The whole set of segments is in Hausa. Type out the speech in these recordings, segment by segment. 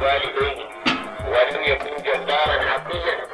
Why do you bring your daughter happiness?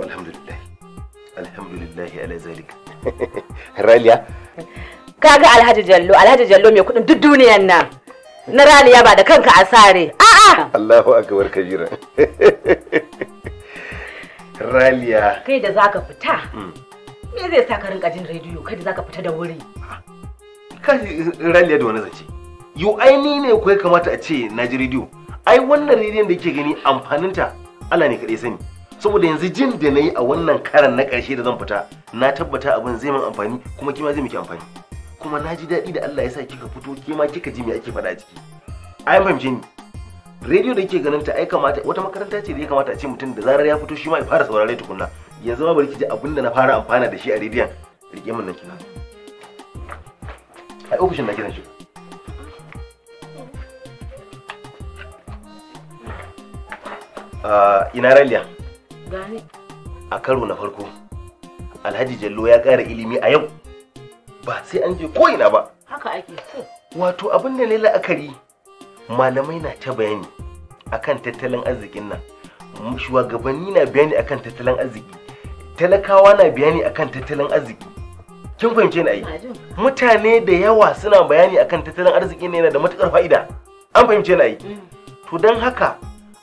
والحمد لله الحمد لله على ذلك kaga alhaji jallo alhaji jallo mai مي duk duniya دنيا na raliya ba da kanka a sare اه الله اكبر kabira raliya kai da zaka fita me zai sa ka rinka jin rediyo kai da zaka fita da wuri ka raliya da wani zace yo ai ni ne kai kamata a ce na ji rediyo ai wannan rediyon da yake gani amfaninta Allah ne kaɗai sani saboda yanzu jin da na yi a wannan karan na ƙarshe da zan fita na tabbata abin zai min amfani kuma kima zai miki amfani kuma na ji daɗi da Allah ya sa kika fito kima kika ji me ake faɗa ciki an fahimce ni rediyo da yake ganin ta ai kamata wata makaranta ce da ya kamata a ce mutum da zarar ya fito shi ma ya fara saurare tukunna yanzu ma bari ki ji abin da na fara amfana da shi a rediyon rike min nan kina ai ofishin na kiran shi ah, ina raliya A karo na farko, Alhaji Jallo ya kara ilimi a yau. Ba sai an je ko ina ba. Haka ake Wato abin da ne la'akari, malamai na ta bayani akan tattalin arzikin nan. Shugabanni na bayani akan tattalin arziki. Talakawa na bayani akan tattalin arziki. Kin fahimce ni ai? Mutane da yawa suna bayani akan tattalin arziki ne yana da matukar fa'ida. An fahimce ni ai? Mm. To don haka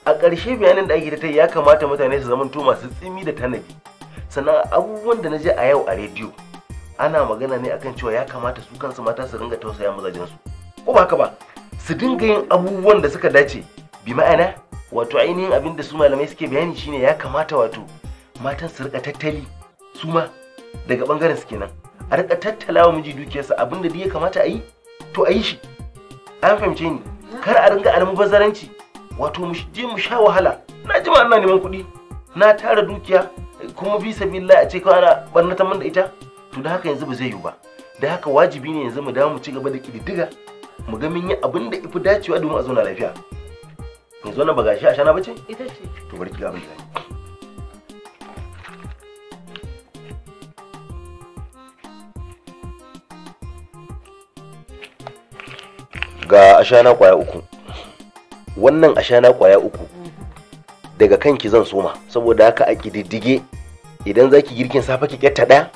a ƙarshe bayanin da ake ta ya kamata mutane su zamanto masu tsimi da tanadi sannan abubuwan da na je a yau a rediyo ana magana ne akan cewa ya kamata su kansu mata su ringa tausaya su ko ba haka ba su dinga yin abubuwan da suka dace bi ma'ana wato ainihin abin da su malamai suke bayani shine ya kamata wato matan su rika tattali su ma daga bangaren su kenan a rika tattala wa miji dukiyarsa abinda da ya kamata a yi to a yi shi an fahimce ni kar a ringa almubazzaranci wato mu je mu sha wahala na jima ina neman kuɗi na tara dukiya kuma bi billahi a ce kawai ana barnata min da ita to da haka yanzu ba zai yiwu ba da haka wajibi ne yanzu mu dawo mu ci gaba da kididdiga mu ga mun yi abin da ifi dacewa domin a zauna lafiya zo na ba gashi a shana bace ita ce to bari ga ga ashana kwaya uku wannan a shana kwaya uku daga kanki zan soma saboda haka a kididdige idan zaki girkin safe ki kyatta daya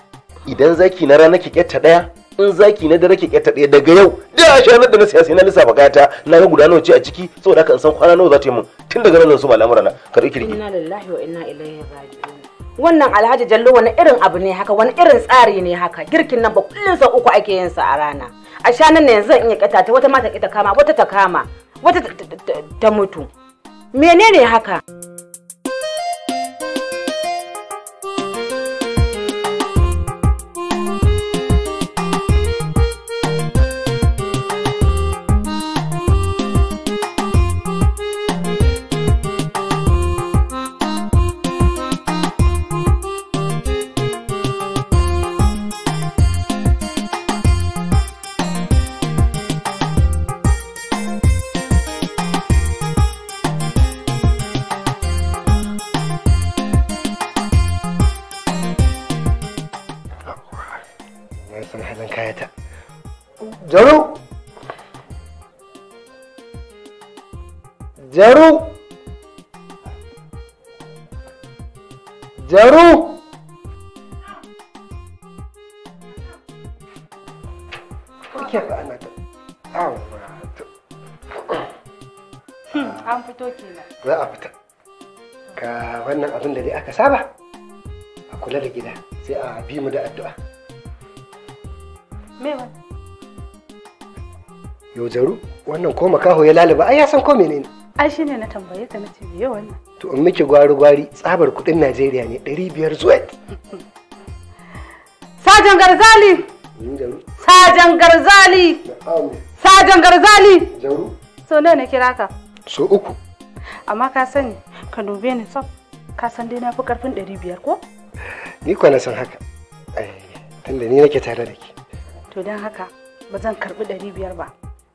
idan zaki na rana ki kyatta daya in zaki na dare ki kyatta daya daga yau da shana da na siya sai na lissafa gata na ga gudanar ce a ciki saboda haka in san kwana nawa za ta yi mun tun daga nan soma al'amura na karɓi kirki wannan alhaji jallo wani irin abu ne haka wani irin tsari ne haka girkin nan ba kullun sau uku ake yin sa a rana a shanan ne yanzu iya kyata ta wata ma ta kama wata ta kama wata ta mutu menene haka Kake ka ana ta. Awa. Hmm, an fito kenan. Za a fita. Ka wannan abin da dai aka saba. A kula da gida sai a bi mu da addu'a. Me wani? Yaujaru, wannan ko makaho ya laliba ai ya san ko menene. Ai shi ne na tambaye ka na ce me wannan. To in miki gwari-gwari tsabar kuɗin Najeriya ne ɗari biyar zuwa. Sajan Garzali! Sajan Garzali. Sajan Garzali. So nawa na kira ka? So uku. Amma ka sani, ka dube ni sab. Ka san dai na fi karfin ɗari biyar ko? Ni kuwa na san haka. Tunda ni nake tare da ke. To don haka ba zan karɓi ɗari biyar ba.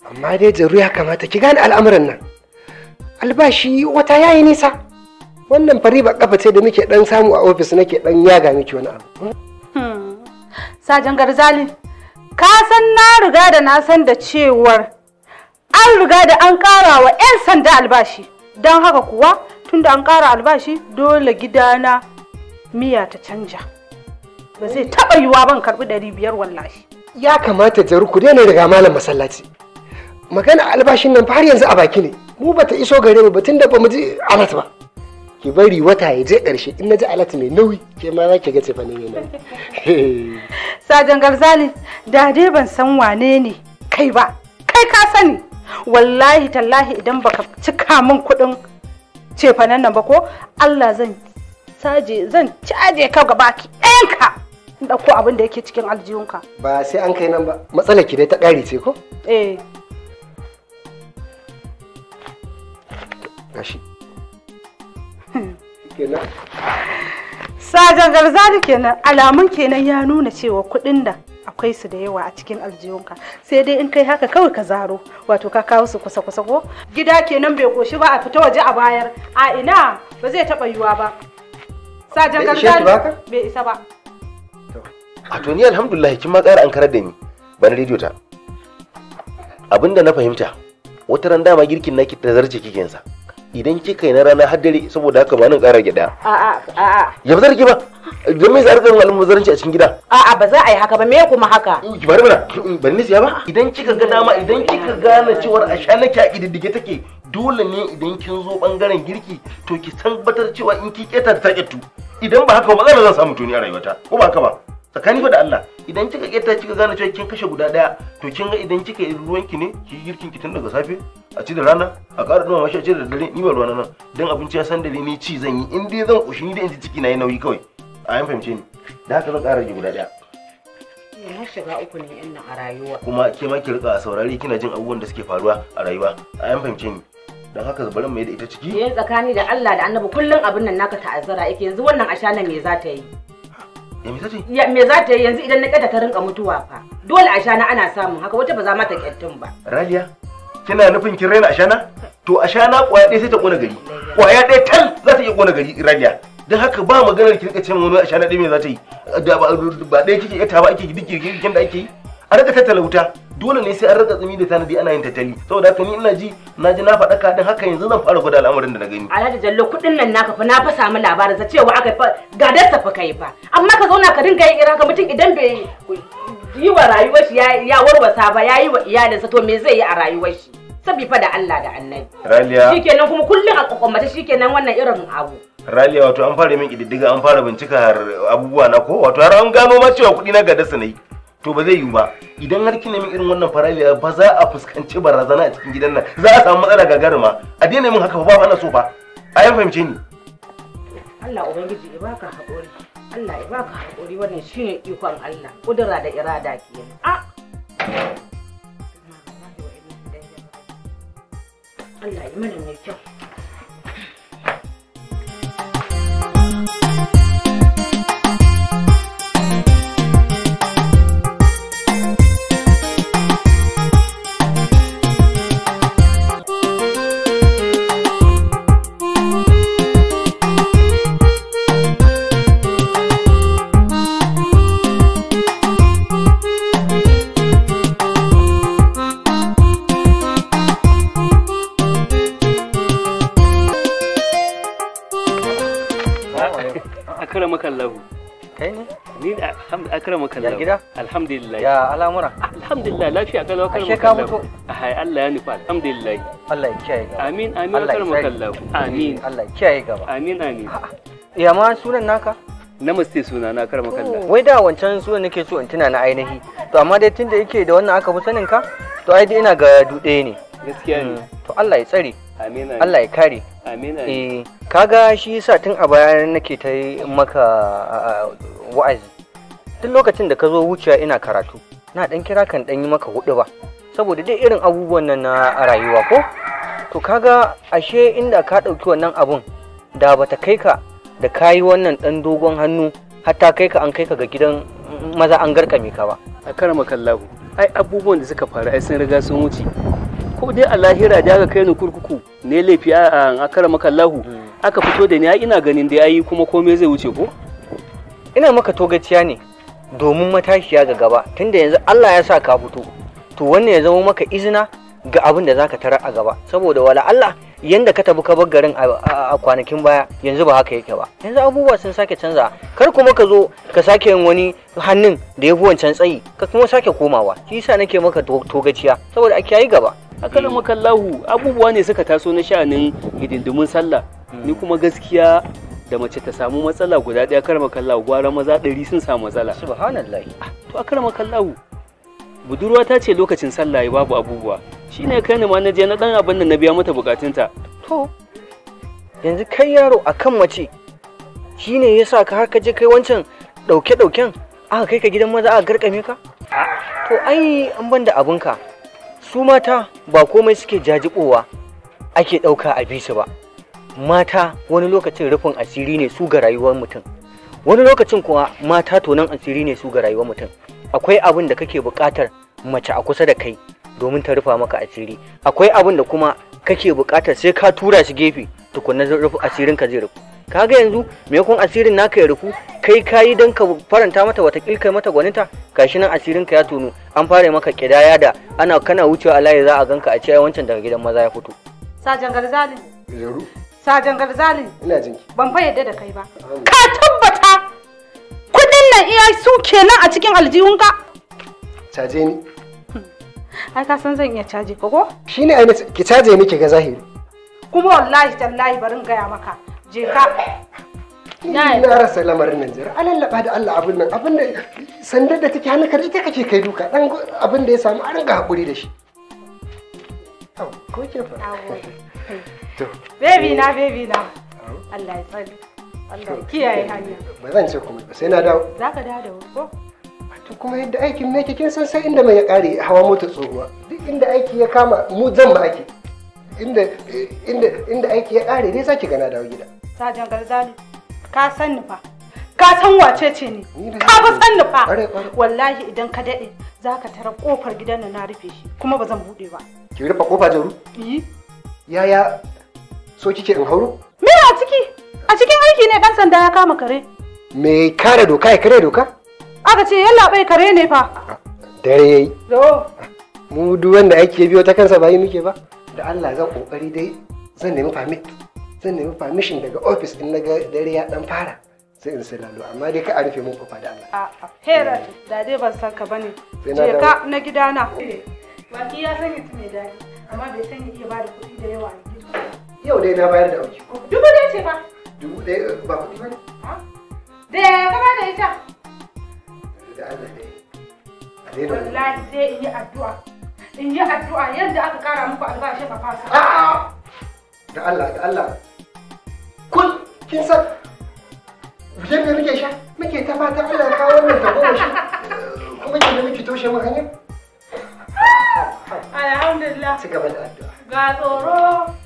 Amma dai jaru ya kamata ki gane al'amuran nan. Albashi wata yayi nisa. Wannan fari ba kafa ce da muke dan samu a ofis nake dan yaga miki wani abu. Hmm. Sajan Garzali. ka san na riga da na san da cewar an riga da an kara wa 'yan sanda albashi don haka kuwa tunda an kara albashi dole gidana miya ta canja ba zai taɓa yiwa ban karɓi ɗari biyar wallashi. ya kamata jaru ku daina daga malam masallaci magana albashin nan har yanzu a baki ne mu bata iso gare mu ba da ba mu ji alat ba ki bari wata ya je ƙarshe in na ji alat mai nauyi ke ma za ki ga cefa ne nauyi. Sajan Garzali da ban san wane ne kai ba kai ka sani wallahi tallahi idan baka cika min kuɗin cefanen nan ba ko Allah zan caje zan caje ka gaba ki ɗayanka ɗauko abin da yake cikin aljihunka. Ba sai an kai nan ba matsalar ki dai ta ƙari ce ko? Eh. Gashi. sajan garzali kenan alamun kenan ya nuna cewa kuɗin da akwai su da yawa a cikin aljihunka sai dai in kai haka kawai ka zaro wato ka kawo su kusa kusa ko gida kenan bai koshi ba a fita waje a bayar a ina ba zai taɓa yiwa ba sajan garzani bai isa ba a to ni alhamdulillah kin ma ƙara an karar da ni ban rediyo ta abinda na fahimta wata ran dama girkin naki ta zarce kike sa idan kika yi na rana har dare saboda haka ba nan ƙara gida a'a a'a ya ba zargi ba don me zargi ga almubazzaranci a cikin gida a'a ba za a yi haka ba me kuma haka mm, ki bari mana mm, bari ni siya ba idan kika ga dama idan kika gane cewar a sha nake a kididdige take dole ne idan kin zo bangaren girki to ki tabbatar cewa in ki keta ta ketu idan ba haka ba za zan samu tuni a rayuwata ko ba haka ba tsakani fa da Allah idan kika keta kika gane cewa kin kashe guda daya to kin ga idan kika ruwan ki ne ki girkin ki tun daga safe a ci da rana a ƙara ɗuma mashi a ci da dare ni ba ruwana nan dan abinci ya san dare ni ci zan yi in dai zan ƙoshi ni da in ji ciki na yi nauyi kawai a yan fahimce ni da haka zan ƙara rage guda daya na eh, shiga uku ne ina a rayuwa kuma ke ma ki rika saurari kina jin abubuwan da suke faruwa a rayuwa a yan fahimce ni dan haka zubarin mai da ita ciki eh tsakani da Allah da Annabi kullun abin nan naka ta'azzara yake yanzu wannan ashana me za ta yi Ya me za ta yi yanzu idan na kyata ta rinka mutuwa fa. Dole a ana samun haka wata ba za mata kyattun ba. Raliya, kina nufin kin raina ashana? To ashana kwaya ɗaya sai ta ƙona gari. Kwaya ɗaya tal za ta iya ƙona gari Raliya. Don haka ba maganar ki rika ce wani ashana ɗaya me za ta yi. Ba ɗaya kike yata ba ake duk girgirgin da ake yi. A rika tattala wuta. dole ne sai an rika tsimi da tanadi ana yin tattali saboda haka ni ina ji na ji na faɗa ka din haka yanzu zan fara gwada al'amarin da na gani alhaji jallo kuɗin nan naka fa na fa samu labarin sa cewa aka fa gadar sa fa kai fa amma ka zauna ka dinga yin irin ka mutum idan bai yi wa rayuwar shi ya warwasa ba ya yi wa sa to me zai yi a rayuwar shi sabi fa da Allah da annabi raliya shikenan kuma kullun a kokomata shikenan wannan irin abu raliya wato an fara min kididdiga an fara bincika abubuwa na ko wato har an gano ma cewa kuɗi na gadar sa ne to ba zai yiwu ba idan har kina min irin wannan farali ba za a fuskanci barazana a cikin gidan nan za a samu matsala gagaruma a daina min haka ba ana so ba a yi fahimce ni Allah ubangiji ya baka haƙuri Allah ya baka haƙuri wannan shine ikon Allah kudura da irada ke a Allah ya mana mai kyau alhamdulillah ya al'amura alhamdulillah lafiya ka lokal mu ka mutu ai Allah ya nufa alhamdulillah Allah ya kiyaye gaba amin amin lokal mu kallahu amin Allah ya kiyaye gaba amin amin ya ma sunan naka na suna na karma kallon wai da wancan sunan nake so in tuna na ainihi to amma dai tunda yake da wannan aka fi sanin ka to ai dai ina ga dude ne gaskiya ne hmm, to Allah ya tsare amin Allah ya kare amin eh kaga shi yasa tun a baya nake ta maka wa'azi duk lokacin da ka zo wuciya ina karatu na dan kira kan dan yi maka hudu ba saboda dai irin abubuwan nan na rayuwa ko to kaga ashe inda ka ɗauki wannan abun da bata kai ka da kayi wannan dan dogon hannu hatta kai ka an kai ka ga gidan maza an garkame ka ba a karama kallahu ai abubuwan da suka faru ai sun riga sun wuce ko dai a lahira da aka kai ni kurkuku ne laifi a karama kallahu hmm. aka fito da ni ai ina ganin da yayi kuma komai zai wuce ko ina maka togaciya ne domin matashiya ga gaba tunda yanzu Allah ya sa ka fito to wannan ya zama maka izina ga abin da zaka tarar a gaba saboda wala Allah yanda ka tafi ka bar garin a kwanakin baya yanzu ba haka yake ba yanzu abubuwa sun sake canza kar kuma ka zo ka sake yin wani hannun da ya fi wancan tsayi ka kuma sake komawa shi yasa nake maka togaciya saboda a kiyayi gaba akalan makallahu abubuwa ne suka taso na sha'anin hidindimin sallah ni kuma gaskiya da mace ta samu matsala guda ɗaya kar makallawu gwara maza ɗari sun samu matsala subhanallahi ah, to a kar makallawu budurwa ta ce lokacin sallah ya babu abubuwa shine kai ne ma na je na dan abin da na biya mata bukatunta to yanzu kai yaro akan mace shine yasa ka har ka je kai wancan dauke dauken aka kai ka gidan maza aka garkame ka ah. to ai an banda abinka su mata ba komai suke jajibowa ake ɗauka a bisu ba mata wani lokacin rufin asiri ne su ga rayuwar mutum wani lokacin kuma mata tonan asiri ne su ga rayuwar mutum akwai abin da kake buƙatar mace a kusa da kai domin ta rufa maka asiri akwai abin da kuma kake buƙatar sai ka tura shi gefe tukunna zai rufu asirin ka zai rufu kaga yanzu me kun asirin naka ya rufu kai kayi dan ka faranta mata wata kai mata gwaninta kashi nan asirinka ya tono an fara maka kidaya da ana kana wucewa a layi za a ganka a ce wancan daga gidan maza ya fito sajan garzali Sajan Garzali. Ina jinki. Ban fa yadda da kai ba. Ka tabbata kudin nan iya su kenan a cikin aljihunka. Caje ni. Hmm. Ai ka san zan iya caje ka ko? Shine ai ki caje ni ki ga zahiri. Kuma wallahi tallahi barin gaya maka. Je ka. Na rasa lamarin nan jira. Alallaba da Allah abin nan abin da sandar da take halakar ita kake kai duka dan abin da ya samu an ringa hakuri da shi. Ko ke fa? Baby na Allah ya tsare. Allah ya kiyaye hanya. Ba zan ce kuma ba sai na dawo. Za ka dawo ko? To kuma yadda aikin ne kin san sai inda mai ya kare hawa mota tsohuwa. Duk inda aiki ya kama mu zan ba ake. Inda inda inda aiki ya kare ne zaki gana na dawo gida. Sajan Garzali ka san ni fa. Ka san wace ce ni? Ka ba san ni fa. Wallahi idan ka dade za ka tara kofar gidan na rufe shi kuma ba zan bude ba. Ki rufe kofa jaru? Yi. Yaya so kike in hauro? Me a ciki? A cikin aiki ne dan sanda ya kama kare. Me kare doka ya kare doka? Aka ce yalla bai kare ne fa. Dare yayi. Yo. Mu duk wanda ake biyo ta kansa ba yi muke ba. Da Allah zan kokari dai zan nemi permit. Zan nemi permission daga office din naga dare ya dan fara. sai in sai lalo amma dai ka a rufe mun fafa da Allah. A'a, Hera, eh. da dai ban san ka bane. Je ka na gidana. Eh. Baki ya sanya tume dai. amma bai sanya ke ba da kuɗi da yawa a Yau dai na bayar da auki. Dubu ɗaya ce ba. Dubu ɗaya eh, ba kuɗi ba ne. Da ya gaba da ita. Da Allah dai. Wallahi sai in yi addu'a. In yi addu'a yadda aka kara muku albashin a fasa. A'a. Da Allah da Allah. Kul kin san biyan da muke sha muke ta fata Allah ya kawo wannan tagomashi eh, kuma ki muke toshe mun hanyar. Alhamdulillah. Ci gaba da addu'a. Ga tsoro.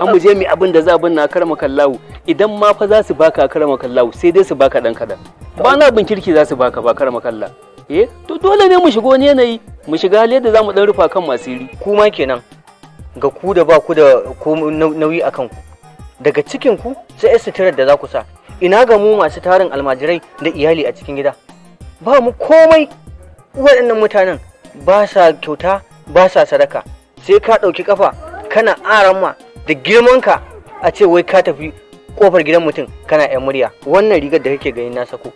an mu je mu abin da za a binna karama kallawu idan ma fa za su baka karama kallawu sai dai su baka dan kadan ba na bin kirki za su baka ba karama kalla eh to dole ne mu shigo wani yanayi mu shiga hali da za mu dan rufa kan masiri kuma kenan ga ku da ba ku da nauyi akan ku daga cikin ku sai suturar da za ku sa ina ga mu masu tarin almajirai da iyali a cikin gida ba mu komai waɗannan mutanen ba sa kyauta ba sa sadaka sai ka ɗauki kafa kana aranma da girmanka a ce wai ka tafi kofar gidan mutum kana yan murya wannan rigar da kake gani na sako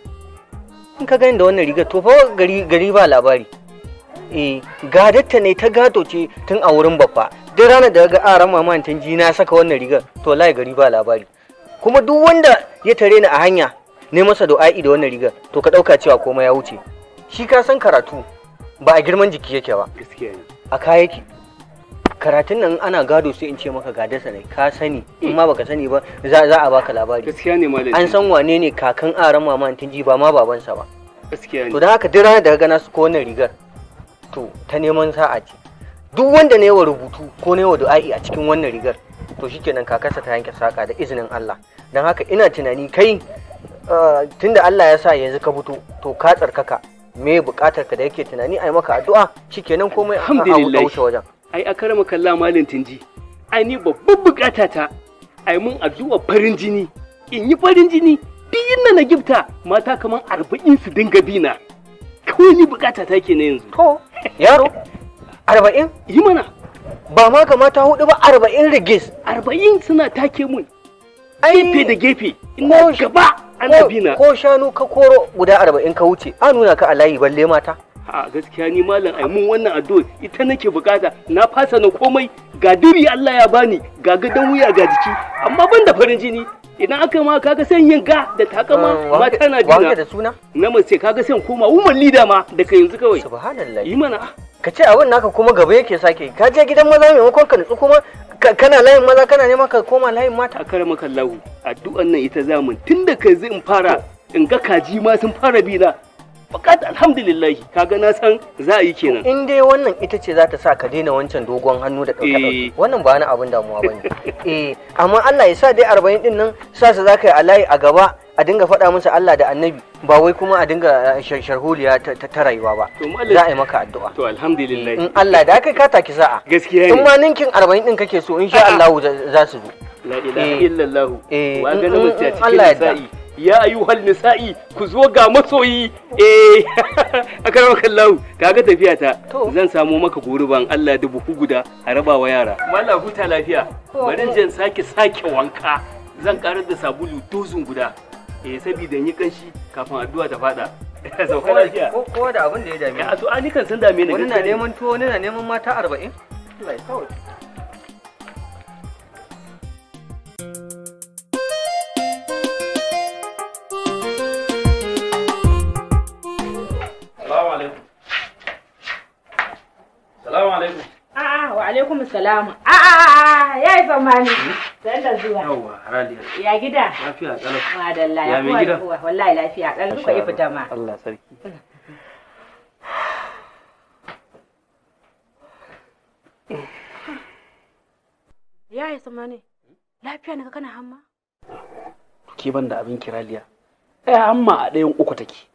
in ka gani da wannan rigar to fa gari gari ba labari eh gadatta ne ta gato ce tun a wurin babba duk ranar da ga aran ah, mama tan ji na saka wannan rigar to lai gari ba labari kuma duk wanda ya tare ni a hanya ne masa du'a'i da wannan rigar to ka dauka cewa komai ya wuce shi ka san karatu ba a girman jiki yake ba a kaya karatun nan ana gado sai in ce maka gadasa ne ka sani in ma baka sani ba za a baka labari gaskiya ne malami an san wane ne kakan aran mama tinji ba ma babansa ba gaskiya ne to da haka duk da ka gana su ko wannan rigar to ta neman sa'a ce duk wanda ne wa rubutu ko ne wa du'a'i a cikin wannan rigar to shikenan kakarsa ta yanke saka da izinin Allah dan haka ina tunani kai ah, tunda Allah ya sa yanzu ka fito to ka tsarkaka me bukatar ka da yake tunani ai maka addu'a shikenan komai a wuce wajen ai akarama kalla malin tinji ai ni babban bukata ta ai mun addu'a farin jini in yi farin jini biyin na na gifta mata kaman arba'in su dinga bina kawai ni bukata ta ke na yanzu to yaro arba'in yi mana ba ma kamata hudu ba arba'in rigis arba'in suna take mun gefe da gefe ina gaba annabi na ko shanu ka koro guda arba'in ka wuce an nuna ka a layi balle mata a gaskiya ni malam ai mun wannan addu'a ita nake bukata na fasa na komai ga diri Allah ya bani ga dan wuya ga jiki amma ban da farin jini idan aka ma kaga san yin ga da takama eh, mata na dina da suna na mace kaga san koma woman leader ma daga yanzu kawai subhanallah yi mana ka ce a wannan naka kuma gaba yake sake ka je gidan maza mai makon ka nutsu kuma kana layin maza kana neman ka koma layin mata a maka addu'an nan ita zamun tunda kai zai in fara in ga kaji ma sun fara bi na fakat alhamdulillah kaga na san za a yi kenan in dai wannan ita ce za ta sa ka daina wancan dogon hannu da ɗauka ɗauka eh. wannan ba wani abin damuwa bane eh amma Allah ya sa dai 40 din nan sa su za ka yi alayi a gaba a dinga faɗa musu Allah da annabi ba wai kuma a dinga eh, sharholiya ta rayuwa ba za a yi maka addu'a to alhamdulillah in Allah da kai ka taki sa'a gaskiya ne in ma ninkin 40 din kake so insha Allah za su zo la ilaha illallah eh, wa ga na mutiya cikin sa'i ya hal nisa'i ku zo ga masoyi eh maka kallahu kaga tafiya ta zan samo maka guruban Allah dubu guda a raba wa yara mallah huta lafiya bari jin sake sake wanka zan karar da sabulu dozin guda eh saboda yi kanshi kafin addu'a ta fada sauka ko da abin da ya dame ni a to ani kan san dame ni wani na neman tuwo wani na neman mata 40 Allah ya salamu. A'a ah, ah, ah, ya yi zamani. Dan da zuwa. Yawwa, Ya gida? Lafiya kalau. Madalla ya mai gida. Wallahi lafiya kalau duka ya fita Allah sarki. Ya yi zamani. Lafiya ne kana hamma? Ke ban da abin kiraliya. ɗaya eh, hamma a ɗayan uku take.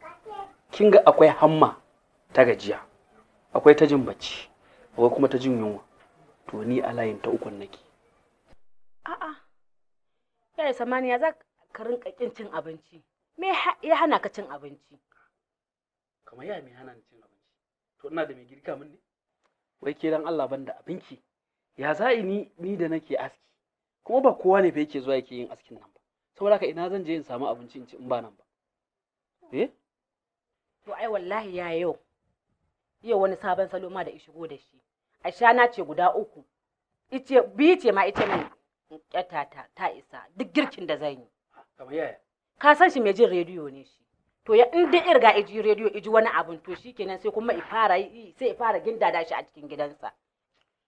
kinga akwai hamma ta gajiya. Akwai ta jin bacci. Akwai kuma ta jin yunwa. to ni a layin ta ukun nake a'a yaya samaniya za ka rinka kin cin abinci me ya hana ka cin abinci kamar ya me hana ni cin abinci to ina da mai girka min ne wai ke dan Allah banda abinci. ya za'i ni ni da nake aski kuma ba kowa ne fa yake zuwa yake yin askin nan ba saboda haka ina zan je in samu abinci in ci in ba nan ba eh to ai wallahi ya yau iya wani sabon salo ma da shigo da shi ashana ce guda uku ice biyu ce ma ita mai ƙyata ta ta isa duk girkin da zan yi kamar ka san shi mai jin rediyo ne shi to ya in dai irga iji rediyo iji wani abun to shikenan sai kuma i fara sai i fara gindada shi a cikin gidansa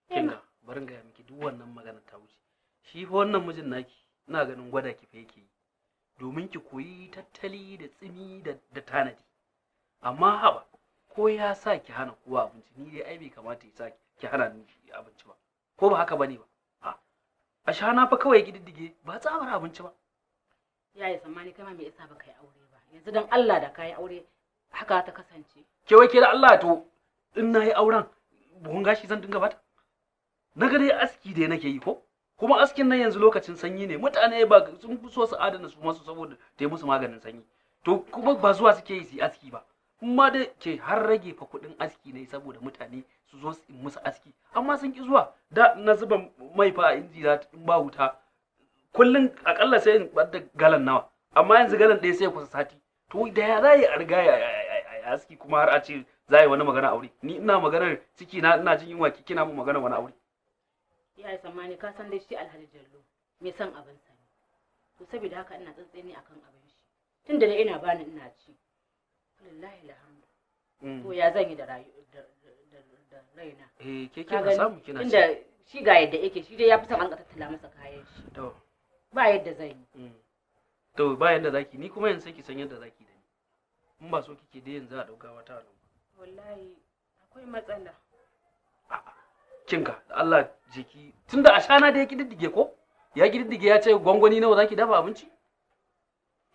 kinga barin ga miki duk wannan magana ta wuce shi fa wannan mijin naki ina ganin gwada ki fa yake yi domin ki koyi tattali da tsimi da tanadi amma haba ko ya sa ki hana kowa abinci ni dai ai bai kamata ya sa ki ki hana ni abinci ba ko ba haka bane ba a sha na fa kawai gididdige ba tsabar abinci ba yayi tsammani kai ma me yasa baka yi aure ba yanzu dan Allah da kai aure haka ta kasance ke wai ke da Allah to in nayi auren buhun gashi zan dinga bata na ga dai aski da nake yi ko kuma askin nan yanzu lokacin sanyi ne mutane ba sun so su adana su masu saboda ta yi musu maganin sanyi to kuma ba zuwa suke yi su aski ba kuma da ke har rage fa kuɗin aski ne saboda mutane su zo su musu aski amma sun ki zuwa da na zuba mai fa a inji in ba wuta kullum akalla sai in da galan nawa amma yanzu galan ɗaya sai kusa sati to da ya za a riga ya aski kuma har a ce za yi wani magana aure ni ina maganar ciki na ina jin yunwa ki kina mu magana wani aure ya yi tsammani ka san dai shi alhaji jallo me san abin sani to saboda haka ina tsantseni akan abin shi tunda da ina bani ina ci lillahi alhamdu mm. to ya zan yi da raina eh ke samu kina inda shi ga yadda yake shi dai ya fi son an ka tattala masa kayan shi to ba yadda zan yi mm. to ba yadda zaki ni kuma yanzu sai ki san yadda zaki da ni in ba so kike dai yanzu a dauka wata nan wallahi akwai matsala kinka Allah jiki tunda shana da ya kididdige ko ya kididdige ya ce gwangwani nawa zaki dafa abinci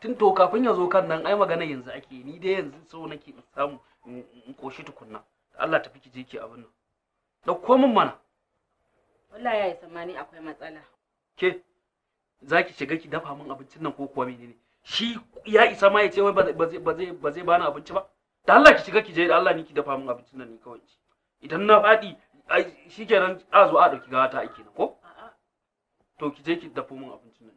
tun to kafin ya zo kan nan ai magana yanzu ake ni dai yanzu so nake in samu in koshi tukunna Allah tafi ki je ki abin nan dauko min mana wallahi yayi samani akwai matsala ke zaki shiga ki dafa min abincin nan ko kuwa menene shi ya isa ma ya ce wai ba zai ba zai bani abinci ba da Allah ki shiga ki je da Allah ni ki dafa min abincin nan ni kawai ci idan na faɗi shikenan a zo a ɗauki gawa ta aiki na ko to ki je ki dafo min abincin nan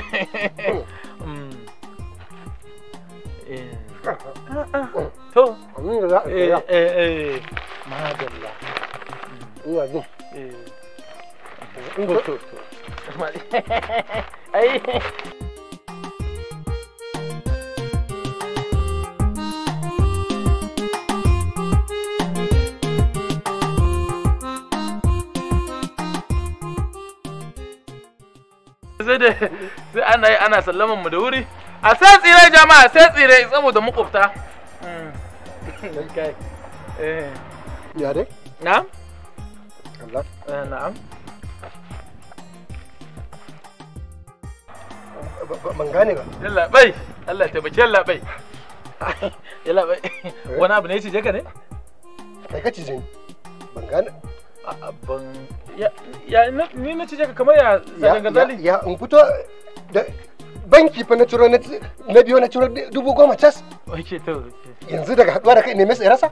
dai sai ana yi ana sallaman mu da wuri a sai tsire jama'a sai tsire saboda makwabta hmm. eh. ya dai Allah eh, na'am ban gane ba yalla bai Allah eh? wani abu ne ya ne ban ya ni na cije ka kamar ya zanga ya in fito da banki fa na ciro na biyo na ciro dubu goma cas yanzu daga haduwa da kai ne mai tsirasa